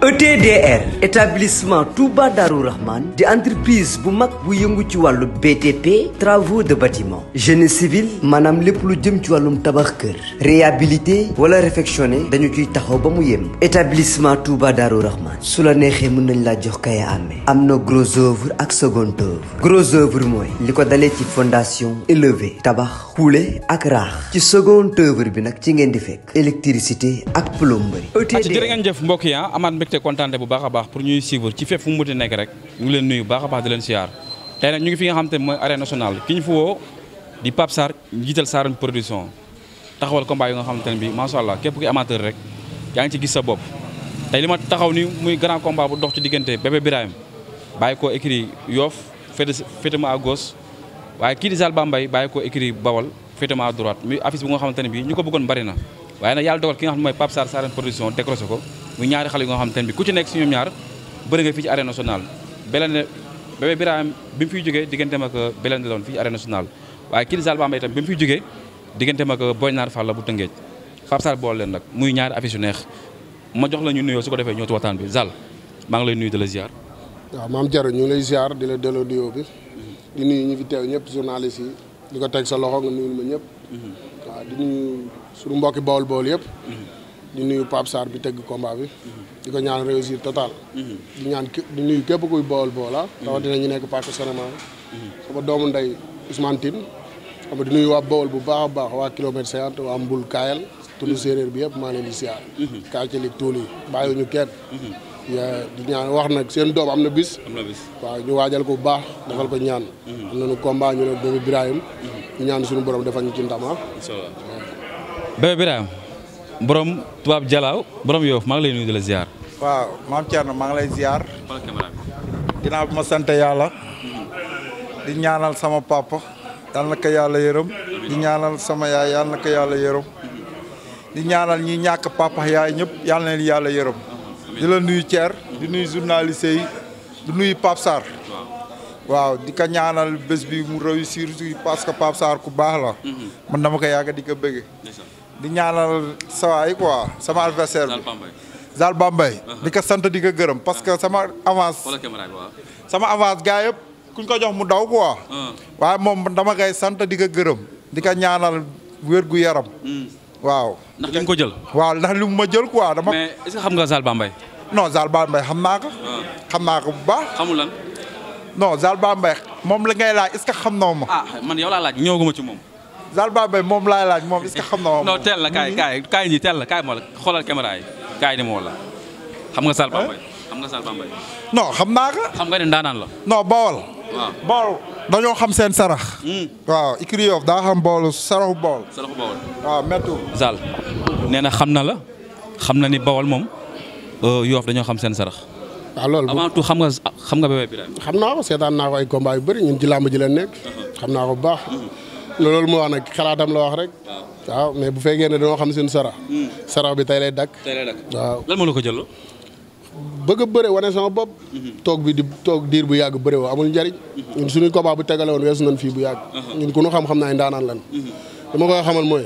ETDR établissement Touba Darou Rahman de entreprise bu mak bu yëngu ci walu BTP travaux de bâtiment génie civil manam lepp lu jëm ci walum tabax kër réhabilité wala réfectionné dañu ci taxaw ba mu établissement Touba Darou Rahman su la nexé mën nañ la jox kay amé amna gros œuvre ak second œuvre gros œuvre moy liko dalé ci fondation élevée tabax xuule ak raax ci second œuvre bi nak ci ngeen di électricité ak plomberie. ngeen jëf mbokk yi ah, te kontaante bu baax a baax pour ñuy suivre ci fépp fu mu mënti nekk rek ñu ngi leen nuyu leen siyaar tey na ñu ngi fi nga xam te mooy arène nationale ki ñu fi di Pape Sarr njiital Sarr production taxawal combat yi nga xamante ne bi macha allah képp ki rek yaa ngi ci gis sa bopp tey li ma taxaw ni muy grand combat bu dox ci diggante Bébé Birahim bàyyi koo écrit ma à gauche waaye kii di koo écrit Bawal féete ma à droite muy affiche bu nga xamante ne bi ñu ko bëggoon bari na waaye nag yàlla dogal ki nga xam muy ñaari xale yi xam te bi ku ci nekk si ñoom bëri nga fii ci arène nationale Belende Bébé Birahim bi mu fiy jógee digganteem ak euh, Belende la woon fii ci arène nationale waaye Kili Sall Bamba itam bi mu fiy jógee digganteem ak euh, Boy Naar Fall la bu Tëngéej Pape leen nag muy ñaari affiche ma jox la ñu nuyoo su ko defee ñëw ci waxtaan bi Zal maa ngi lay nuyu di la ziar. waaw maam Diarra ñu ngi lay ziar di la delloo nuyoo bi di nuyu ñi fi teew ñëpp journaliste yi di ko teg sa loxo nga nuyul ma ñëpp. Mm-hmm. waaw di nuyu suñu mbokki Bawol Bawol yëpp mm-hmm. di nuyu Pape saar bi tëgg komba bi. di ko ñaan réussir total. di ñaan di nuyu képp kuy bool boola. rawatina ñu nekk parc cinéma sama doomu ndey Ousmane Tine. xam di nuyu waa Bawol bu baax a baax waa kilomètre cinquante waa Mbul Kaayal. tund séeréer bi yëpp maa leen di siyaar. kaay ci li tuul yi bàyyiwuñu kenn. di ñaan wax nag seen doom am na bis. am ñu waajal ko bu baax defal ko ñaan. am nañu combat ñu ne Bébé Birahim. ñu ñaan suñu borom defal ñu ci ndama. Ah. borom tubaab jalaaw borom yoof maa ngi lay nuyu di la ziar. waaw maam Thierno maa ngi lay ziar. ginnaaw bi ma sant yàlla. di ñaanal sama papa. yàlla na ko yërëm. di ñaanal sama yaay yàlla di ñaanal ñi ñàkk papa yaay ñëpp yàlla na yàlla yërëm. di la nuyu Thier di nuyu journaliste yi di nuyu Pape waaw di ko ñaanal bés bi mu réussir parce que Pape ku baax la. Mhm. ma dama ko yàgg di ko bëgge di ñaanal sawaay quoi sama adversaire bi Zal Bambay uh-huh. di ko sant di ko gërëm parce que sama avance sama avance gars yëpp kuñ ko jox mu daw quoi uh-huh. waaye moom dama koy sant di ko gërëm di ko ñaanal wér gu yaram hmm. waaw ndax li ko jël waaw ndax li mu ma jël quoi dama mais est-ce que xam nga Zal Bambay non Zal Bambay xam naa ko uh-huh. xam naa ko bu baax xamul lan non Zal Bambay moom la ngay laaj est-ce que xam na ma ah man yow laaj ñëwaguma ci moom Zal Bambey moom laay laaj moom est xam na. non teel na kaay kaay kaay nii teel na kaay moo la xoolal caméra yi kaay ni moo la xam nga Zal Bambey. xam xam naa ko. xam nga ne ndaanaan la. non Bawol. waaw dañoo xam seen sarax. Hmm. waaw Ikri Yoff daa xam Bawol xam na la xam na ni Bawol moom euh, Yoff dañoo xam seen sarax. Ah, loolu avant xam nga xam nga Bébé Birahim. xam naa ko seetaan naa ko ay combat yu bëri ñun ci làmb ji uh-huh. xam naa ko bu baax. Hmm. loolu mu wax nag xalaatam la wax rek. waaw mais bu fekkee ne dañoo xam seen sarax. Hmm. sarax bi tey lay dakk. waaw la ko jëloo. bëgg a bëre wane sama bopp. Hmm. toog bi di toog diir bu yàgg bëre woo amul njariñ. Hmm. ñun suñu combat bu tegale woon weesu nañ fii bu yàgg. Uh-huh. ñun ku ñu xam-xam naa ndaanaan lan. li ma koy xamal mooy.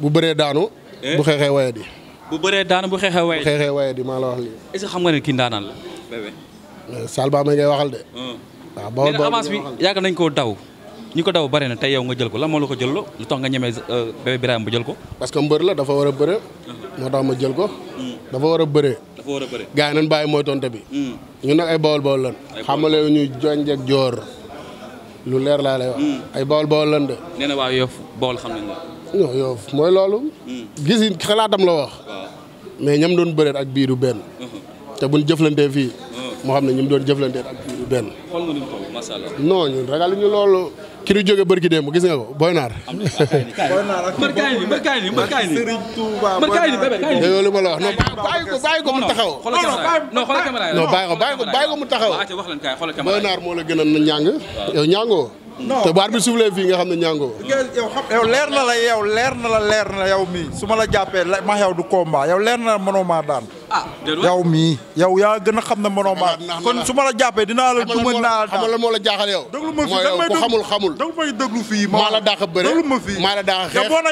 bu bëree daanu. Eh? bu xeexee waye di. bu bëree daanu bu xeexee waye di bu xeexee maa la wax lii. est-ce xam nga ne kii ndaanaan eh, ma ngay waxal de. waaw bawal bawal avance bi yàgg nañ koo daw ñi ko daw bari na tey yow nga jël ko la moo la ko jël lu tax nga ñemee euh, bébé Birame bu jël ko. parce que mbër la dafa war a bëre. Mm. moo tax ma jël ko. Mm. dafa war a bëre. dafa war a yi nañ bàyyi mooy tonte bi. Mm. ñu nag ay bawol bawol lan. xamale wu ñuy jonj ak joor lu leer laa ay bawol bawol lan de. nee waa Yoff bawol xam nañ la. non mooy loolu. gis xalaatam la wax. mais ñam doon bëreet ak biiru benn. Uh-huh. te buñ jëflantee fii. Uh-huh. moo xam ne ñi mu doon jëflantee ak biiru benn. macha allah non ñun ragaluñu loolu. ki ñu jóge bërki démb gis nga ko Boy ma la wax non ko mu taxaw. non xoolal caméra non bàyyi ko bàyyi ko bàyyi moo la gën a ñàng yow ñàngoo. te baar bi suuflee fii nga xam ne ñàngoo. yow leer na la yow leer na la leer na yow mii su ma la jàppee ma yow du combat yow leer na la mënoo maa daan Ah. yow mii yow yaa gën a xam ne mënoo maa kon su ma la jàppee dinaa la duma naa xam la moo la jaaxal yow déglu ma fi damay xamul xamul déglu may déglu fii maa la daax a bëre déglu ma fii maa la daax a xeex boo na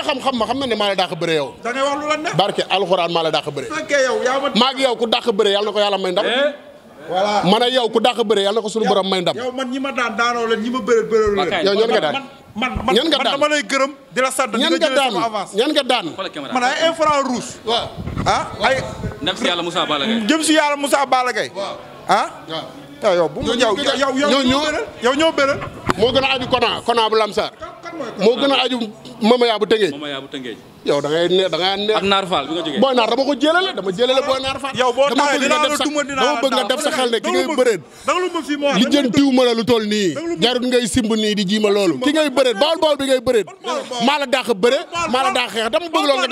a xam-xam ma xam ne maa la daax a bëre yow da ngay wax lu la neex barke alxuraan maa la daax a bëre fekkee yow ku daax a bëre na ko yàlla may ndam eh? man ak yow ku dàq bëre yàlla ko suñu borom may ndam. yow man ñi ma daan daanoo leen ñi ma bëre bëre leen. yow ñan nga daan man man la sant di la jëlee sama avance ñan nga daan man ay infra rouge. waaw ah ay. dem si yàlla Moussa Balla Gaye. jëm si yàlla Moussa Balla Gaye. ah. waaw yow bu mu yow yow ñoo bëral yow ñoo bëral. moo gën a aj Kona Kona bu Lamsar. moo gën a aju Mamaya bu Tëngéej. yow da ngay ne da ngaa ne. ak Naar Fall bi nga jógee booy naar dama ko jëlale dama jëlale booy Naar Fall. yow boo tawee dinaa la duma dinaa la dama bëgg nga def sa xel ne ki ngay bëreet. li jën tiw ma la lu toll nii dama bëgg nga def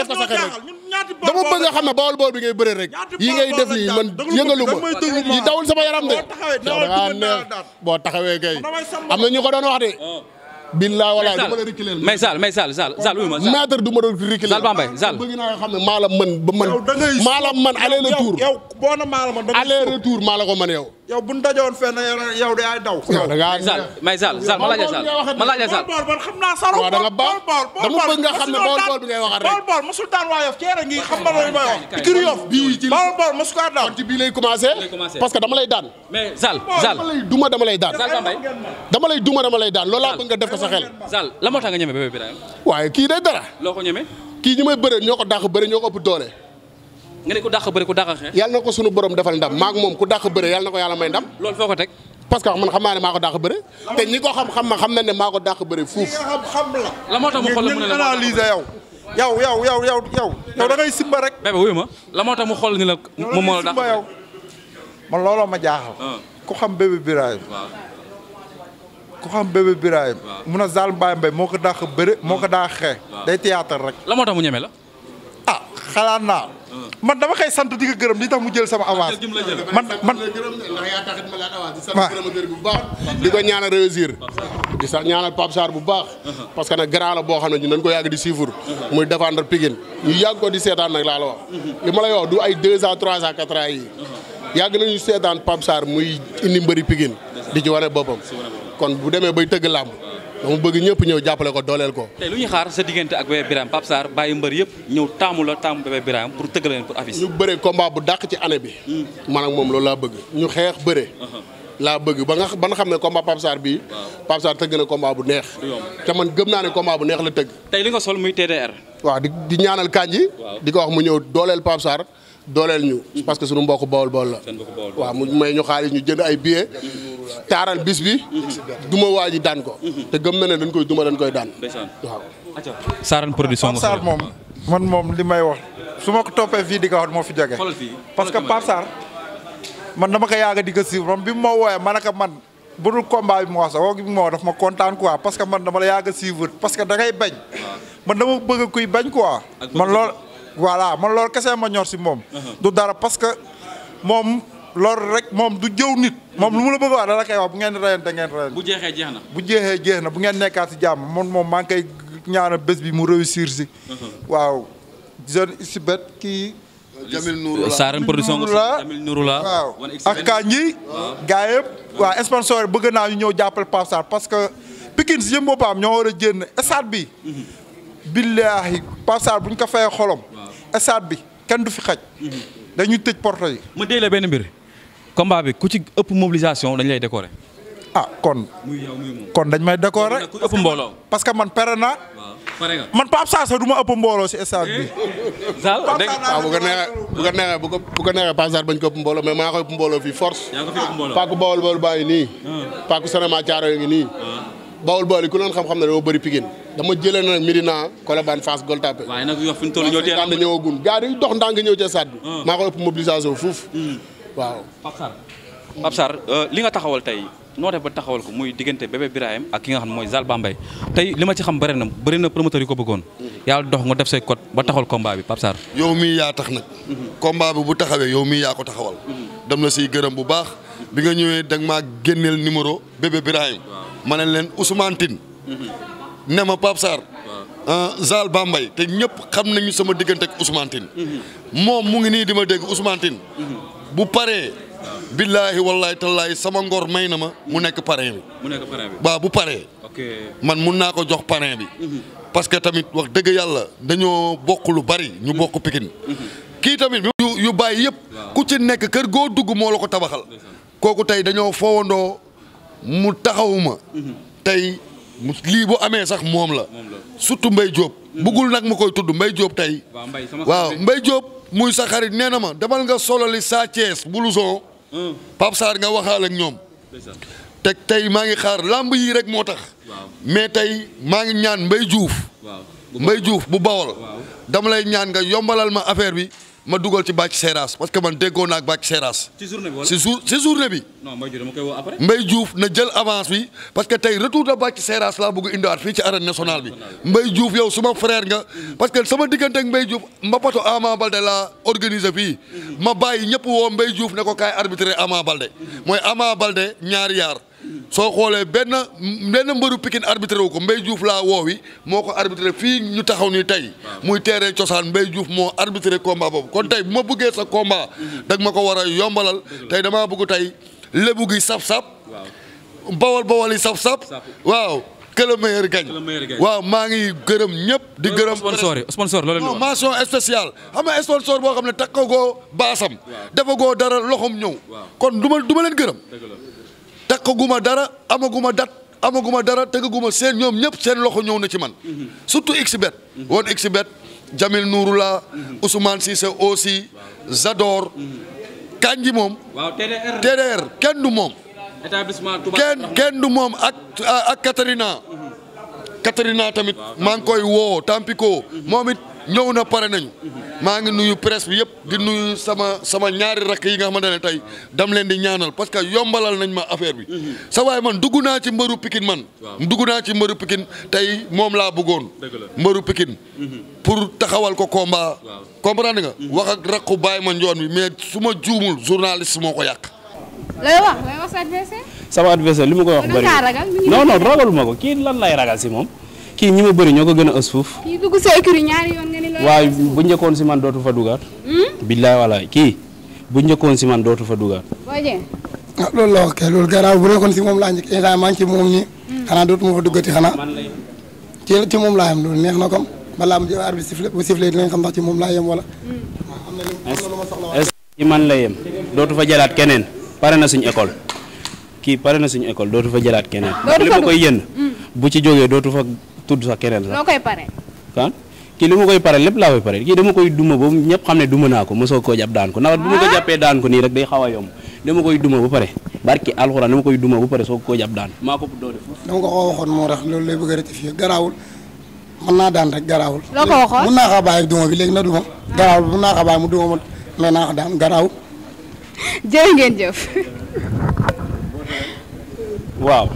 ko sa xel rek. dama bëgg nga xam ne bawol bi ngay bëreet rek yi ngay def nii man yëngalu ma dawul sama yaram de. yow da boo taxawee kay am ñu ko doon wax billaay walaay du ma la reculer mais Sall mais Sall Sall Sall oui ma maître du ma doon reculer Sall Bambey ah, Sall bëgg naa xam ne maa la mën ba mën maa la mën aller retour yow la ko mën yow yow bu ñu dajoon fenn yow de ay daw. yow da ngaa may Sall Sall ma laajee Sall ma laajee Sall. bool bool xam naa da nga bool bool bool bool nga xam ne bool bool bi ngay waxaat rek. bool bool mosul ngi xam nga loolu may wax. kii Yoff bii ci bool parce que dama lay daan. mais Sall duma dama lay daan. dama lay nga def ko sa la moo tax nga ñeme bébé Birahim. waaye kii day dara. kii ñi may bëre ñoo ko dàq bëre ñoo ko ëpp doole nga ne ku dàq bëre ku dàq xeex yàlla na ko sunu borom defal ndam maak moom ku dàq bëre yàlla na ko yàlla may ndam loolu foo ko teg parce que man xam naa ko xam ma xam na ne maa ko dàq la moo tax mu xool mu ne la analyser yow yow yow yow yow yow yow da ngay simba rek bébé ma la moo tax mu xool ni la moom moo la dàq yow man looloo ma jaaxal ku xam bébé ku xam bébé Birahim mun a Zal Mbaye Mbaye moo ko dàq bëre moo ah. ko dàq day théâtre rek la moo tax mu ñeme la ah xalaat naa ah. man dama koy sant di ko gërëm li tax mu jël sama avance. man man di ko ñaana réussir. di sax ñaanal Pape Sarr bu baax. parce que nag grand la boo xam ne ñu dañ ko yàgg di suivre. muy défendre Pikine ñu yàgg ko di seetaan nag laa la wax. li ma lay yoo du ay deux ans trois ans quatre ans yi yàgg nañu seetaan Pape Sarr muy indi mbëri di ci wane boppam kon bu demee bay tëgg làmb donc bëgg ñëpp ñëw jàppale ko dooleel ko. tey lu ñuy xaar sa diggante ak Bébé Birame Pape Sarr bàyyi mbër yëpp ñëw taamu la taamu Bébé Birame pour tëggal leen pour affiche. Hmm. moom loolu laa bëgg. ñu xeex bëre. Uh-huh. laa bëgg ba nga ba nga xam ne combat Pape Sarr bii. waaw Pape tëgg na combat bu neex. te man gëm naa ne combat bu neex la tëgg. tey li nga sol muy TDR. waaw di di ñaanal Kandji. di ko wax mu ñëw dooleel Pape Sarr dooleel ñu. Hmm. parce que suñu mbokk Bawol Bawol la. waaw mu may ñu xaalis ñu jënd ay billets hmm. taral bis bi. duma waji dan ko. te gem na ne dañ koy duma dañ koy dan waaw. Sarane production sar mom man mom limay wax suma ko topé fii diga wax mo fi jóge parce que Pape Sarr man dama ko yaga diga ko rom bi mo ma manaka man ak combat bi mo wax sax bi mo daf ma contane quoi parce que man dama la yaaga suivre parce que da ngay bañ. man dama bëgg kuy bañ quoi. man lool voilà man loolu kessé ma ñor ci mom uh-huh. du dara parce que mom loolu rek moom du jëw nit moom lu mu la bëgg wax dala koy wax bu ngeen rayante ngeen rayante bu jeexee jeex na bu jeexee jeex na bu ngeen nekkaat si jàmm moom moom maa ngi koy bés bi mu réussir si uh-huh. waaw jeune Isibet kii Jamil Nourou la Saaren production Jamil Nourou la waaw ak Kanji gaa yëpp waaw bëgg naa ñëw jàppale Pape parce que Pikine si yëpp boppam ñoo war a génn stade bi uh-huh. billaahi Pape Sarr bu ñu ko fayee xolom stade bi kenn du fi xaj uh-huh. dañuy tëj porto yi mu dee la benn mbir combat bi ku ci ëpp mobilisation dañ lay décorer. ah kon. kon dañ may décorer. ëpp mbooloo parce que man pere naa. man Pape Sassou du ma ëpp mbooloo si stade bi. Zal dégg nga ah, ko neexee bu ko bu ko neexee Pape Sassou bañ ko ëpp mbooloo mais maa koy ëpp mbooloo fii force. Paaku Bawol baa ngi nii. Ah. Paaku Sénéma Thiaro ngi nii. Ah. Bawol Bawol yi ku xam-xam ne dama bëri Pikine dama jëlee nag Médina Colobane Fass Gueule Tapée. waaye nag yoo xam ne ñëwagun gaa yi dox ñëw ci stade bi. maa koy ëpp mobilisation fuuf waaw Pape Sarr Pape euh, li nga taxawal tey noo ba taxawal ko muy diggante bébé Birahim ak ki nga xam ne mooy Zal Bambey tey li ma ci xam bëri na bëri na promoteur ko bëggoon mhm. yàlla dox nga def say code ba taxawal combat bi Pape Sarr yow mii yaa tax nag mhm. combat bi bu taxawee yow mii yaa ko dam mhm. la siy gërëm bu baax bi nga ñëwee da maa génneel numéro bébé Birahim ma ne leen Ousmane ne ma Pape Sarr ah, Zal Bambey te ñëpp xam nañu sama diggante ak moom mu ngi nii di ma dégg Ousmane bu paree. billaahi wallaahi tallaahi sama ngor may na ma mu nekk parrain bi. mu nekk parrain bi bu paree. man mun naa ko jox parrain bi. Mhm. parce que tamit wax dëgg yàlla dañoo bokk lu bari ñu bokk pikin mhm. kii tamit yu yu bàyyi yëpp. ku ci nekk kër goo dugg moo la ko tabaxal. kooku tey dañoo foofandoo mu taxawuma mhm. tey. lii bu amee sax moom la surtout mbay joob bëggul nag ma koy tudd mbay joob tey waaw Mbaye Diop muy sa xarit nee na ma demal nga solali Sa Thiès blouson hmm. Pape Sarr nga waxaal ak ñoom te tey maa ngi xaar làmb yii rek moo tax mais tey maa ngi ñaan mbay juuf mbay Diouf bu bawal dama lay ñaan nga yombalal ma affaire bi ma dugal ci bàcc seeraas parce que man déggoon naa ak bàcc seeraas. ci journée bi wala ci jour ci journée bi. non Mbaye na jël avance bi parce que tey retour de bàcc seeraas laa bëgg indiwaat fii ci arène nationale bi. Mbaye Diouf yow suma frère nga. parce que sama diggante ak Mbaye mbapato Ama Balde laa organiser fii. ma bàyyi ñëpp woo Mbaye Diouf ne ko kaay arbitré Ama Balde. mooy Ama Balde ñaari yaar. soo xoolee benn benn mbëru Pikine arbitré wu ko Mbaye Diouf laa woowi moo ko arbitré fii ñu taxaw nii tey muy teere cosaan Mbaye Diouf moo arbitré komba boobu kon tey bu ma bëggee sa combat mm-hmm. dag ma ko war a yombalal tey damaa bëgg tey lébu gi sap-sap bawal bawal yi sap-sap waaw que le meilleur gagne waaw maa ngi gërëm ñëpp di gërëm sponsor yi sponsor loolu non mention spéciale xam nga sponsor boo xam ne takkagoo baasam defagoo dara loxom ñëw kon du du ma leen gërëm takkaguma dara amaguma dat amaguma dara tegaguma seen ñoom ñëpp seen loxo ñëw na ci man. Mhm. surtout Xbet. woon Xbet Jamil Nouroula. Mhm. Ousmane Cissé aussi. Zador. Mhm. Kanji moom. waaw TDR TDR kenn du moom. établissement kenn du moom ak ak Katarina. Katarina tamit maa koy woo Tampico moom ñëw na pare nañu maa ngi nuyu presse bi yëpp di nuyu sama sama ñaari rakk yi nga xamante ne tey dam leen di ñaanal parce que yombalal nañ ma affaire bi mhm. sa man dugg naa ci mbaru Pikine man dugg naa ci mbëru pikin tey moom laa bëggoon mbaru pikin mhm. pour taxawal ko combat comprendre nga mhm. wax ak rakku bàyyi ma njoon bi mais su ma juumul journaliste moo ko yàq lay sama adversaire li ma koy wax bëri non non ragaluma ko kii lan lay ragal si moom kii ñi ma bëri ñoo ko gën a ës fuuf. kii waaye bu njëkkoon si man dootu fa dugaat. Hmm? billaay walaay kii bu njëkkoon si man dootu fa dugaat. ah loolu la wax kay loolu garaaw bu nekkoon si moom laa njëkk instant maa ngi hmm. xanaa dootuma fa duggati xanaa. ci moom laa yem loolu na ko balaa mu jël arbitre sifflé bu sifflé dinañ xam ndax ci moom laa yem wala. Hmm. man la yem dootu fa jëlaat keneen pare na suñu école kii pare na suñu école dootu fa jëlaat keneen. dootu fa koy yënd bu ci jógee dootu fa. tudd sax keneen sax. koy pare. kii li ma koy pare lépp laa koy pare kii dama koy duma ba ñëpp xam ne duma naa ko mosoo koo jàpp daan ko ndax ma ko ah. jàppee daan nii rek day xaw a yomb dama koy duma ba pare barki alxuraan dama koy duma ba pare soo koo jàpp daan maa ko doole foofu. dama ko bu waxoon moo tax loolu lay bëgg a rectifier garaawul mën naa daan rek ko waxoon duma bi léegi na duma. garaawul mun naa ko bàyyi mu duma ma mais naa ko daan garaawul. jërë ngeen jëf. waaw.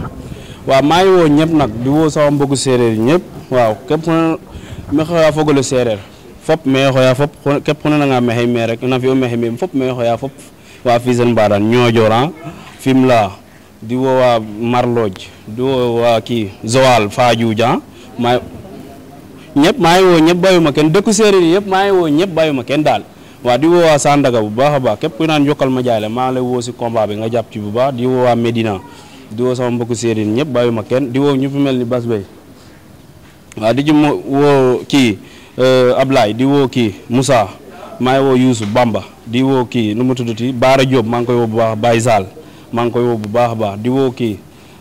waaw maa ngi woo ñëpp nag di woo sama mbokku séeréer yi ñëpp waaw képp ku ne ma xooyaa fogole séeréer fop mee xooyaa fop képp ku ne nanga mexey mee rek na fi o mexey mee fop mee xooyaa fop waa Fissel Mbadane Niodior ah, Fimela di woo waa Marlodj di woo waa kii Joal Fadiouth ah, maa ñëpp maa ngi woo ñëpp bàyyuma kenn dëkku séeréer yi yëpp maa ngi woo ñëpp bàyyuma kenn daal waaw di woo waa Sandaga bu baax a baax képp ku naan yokkal ma jaay la maa lay woo si combat bi nga jàpp ci bu baax di woo waa Medina di woo sama mbokku séeréer ñëpp bàyyi ma kenn di woo ñu fi mel ni Bas Bay waaw di ji woo kii euh, Ablaye di woo kii Moussa maa ngi woo Youssouf Bamba di woo kii nu mu tuddati Baara Diop maa ngi koy woo bu baax Baye Sall maa ngi koy woo bu baax a baax di woo kii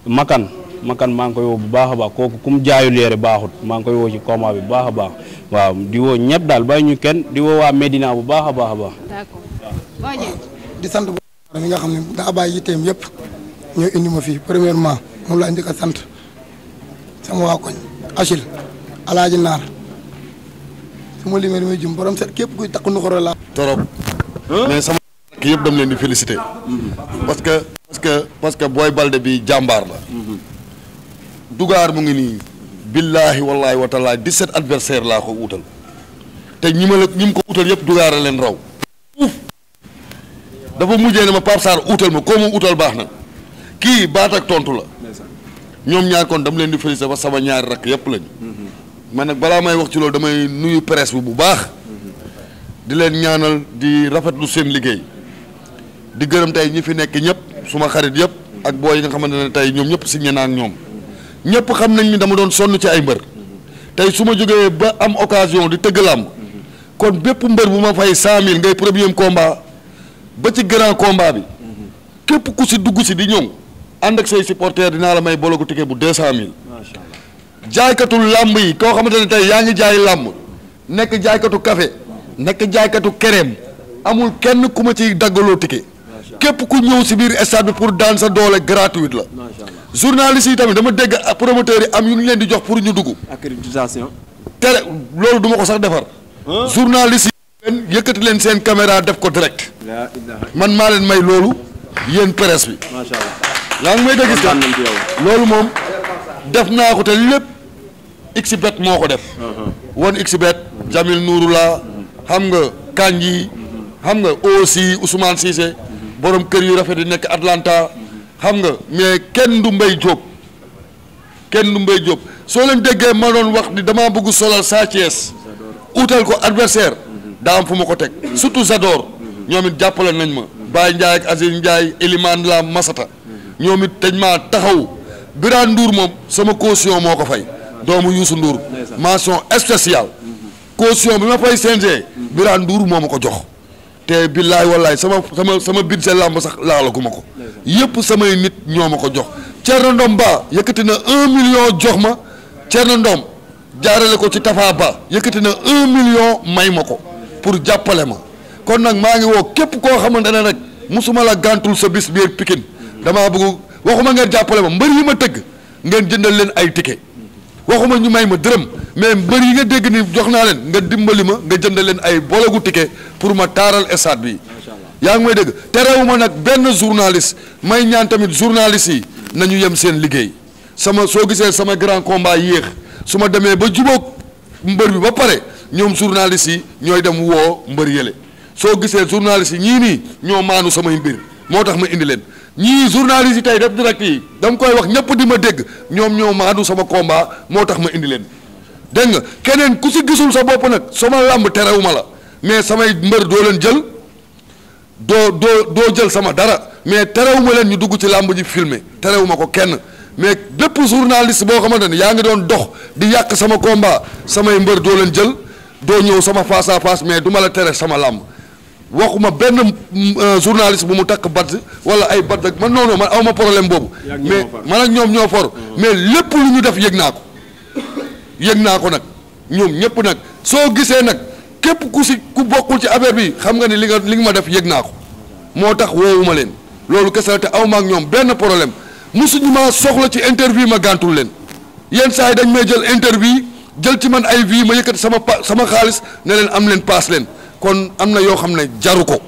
Makan Makan maa ngi koy woo bu baax a baax kooku kum jaayul yére baaxut maa ngi koy woo ci combat bi bu baax a baax waaw di woo ñëpp daal bàyyi ñu kenn di woo waa Medina bu baax a baax a baax. d'accord di sant bu nga xam ne daa bàyyi yitteem yëpp. ñoo indi ma fii premièrement moom laa njëkk a sant sama waa koñ Achille alaaji naar su ma limee damay jum borom set képp kuy takk nuxur la torop mais sama kii yëpp dam leen di féliciter parce que parce que parce que Boy Baldé bi jàmbaar la dugaar mu ngi nii billaahi wallaahi wa taala 17 adversaire laa ko wutal te ñi ma la ñi mu ko wutal yëpp dugaar a leen raw dafa mujjee ne ma Pape Sarr utal ma koo mu utal baax na ki baat ak tontu la. ñom ñaar kon dama leen di félicité ba sama ñaar rak yépp lañu. Mm-hmm. man nak bala may wax ci lool damay nuyu presse bu bu baax. Mm-hmm. di leen ñaanal di rafetlu seen liggéey. di gëreum tay ñi fi nekk ñëpp suma xarit yëpp. ak boy yi nga xamantene tay ñom ñëpp signé naa ak ñom mm-hmm. ñëpp xam nañ ni dama doon sonn ci ay mbeur tay suma joggé ba am occasion di teug kon bépp mbeur bu ma fay 100000 ngay premier combat ba ci grand combat bi. képp ku ci dugg ci di ñëw. ànd ak say supporters dinaa la may bologu ticket bu deux cent mille jaaykatul làmb yi koo xamante ne tey yaa ngi jaay làmb nekk jaaykatu kafe nekk jaaykatu crème amul kenn ku ma ciy daggaloo ticket képp ku ñëw si biir stade bi pour daan sa doole gratuite la journaliste yi tamit dama dégg promoteurs yi am yu ñu leen di jox pour ñu dugg accréditation télé loolu duma ko sax defar journaliste yi leen yëkkati leen seen caméra def ko direct man maa leen may loolu yéen presse bi yaa ngi may dégg loolu moom def naa ko te lépp xbet moo ko def uh-huh. wan xbet Jamil la xam nga Kanji xam nga aussi Ousmane siise uh-huh. boroom kër yu rafet yi nekk Atlanta uh-huh. xam nga mais kenn du mbay jóob kenn du mbay jóob soo leen déggee ma doon wax ni damaa bëgg solal Sa Thiès utal ko adversaire daa am fu ma ko teg surtout sadoor ñoom it jàppale nañ ma Baye Ndiaye ak Aziz Ndiaye Elimane Masata ñoom it dañ maa taxaw Birane nduur moom sama caution moo ko fay doomu Youssou Ndour mention spéciale caution bi ma fay CNG Birane nduur moo ma ko jox te billaay wallaay sama sama sama bid see làmb sax laalaguma ko yëpp samay nit ñoo ma ko jox Thierno ndoom Ba yëkkati na un million jox ma Thierno Ndom jaarale ko ci Tafa Ba yëkkati na un million may ma ko pour jàppale ma kon nag maa ngi woo képp koo xamante ne rek musuma la gàntul sa bis biir damaa bëgg waxuma ngeen jàppale ma mbër yi ma tëgg ngeen jëndal leen ay ticket waxuma ñu may ma dërëm mais mbër yi nga dégg ni jox naa leen nga dimbali ma nga jëndal leen ay bologu ticket pour ma taaral stade bi yaa ngi may dégg te terewuma nag benn journaliste may ñaan tamit journaliste yi nañu yem seen liggéey sama soo gisee sama grand combat yéex su ma demee ba jubook mbër bi ba pare ñoom journaliste yi ñooy dem woo mbër yële soo gisee journaliste yi ñii nii ñoo maanu samay mbir moo tax ma indi leen ñii journaliste yi tey def direct yi dama koy wax ñëpp di ma dégg ñoom ñoo maandu sama kombaa moo tax ma indi leen dégg nga keneen ku si gisul sa bopp nag sama làmb terewuma la mais samay mbër doo leen jël doo doo doo jël sama dara mais terewuma leen ñu dugg ci làmb ji filmer terewuma ko kenn mais bépp journaliste boo xamante ne yaa ngi doon dox di yàq sama combat samay mbër doo leen jël doo ñëw sama face à mais duma la tere sama làmb waxuma benn mm, euh, journaliste bu mu takk badd wala ay badd ak man noonu man awma problème boobu mais man ak ñoom ñoo for mm-hmm. mais lépp lu ñu def yëg naa ko yëg naa ko nag ñoom ñëpp nag soo gisee nag képp ku si ku bokkul ci affaire bi xam nga ni li nga li nga ma def yëg naa ko moo tax woowuma leen loolu kese la te awma ak ñoom benn problème musuñu ma soxla ci interview ma gàntul leen yenn saa yi dañ may jël interview jël ci man ay vie ma yëkkati sama pa sama xaalis ne leen am leen paas leen kon am na yoo xam ne jaru ko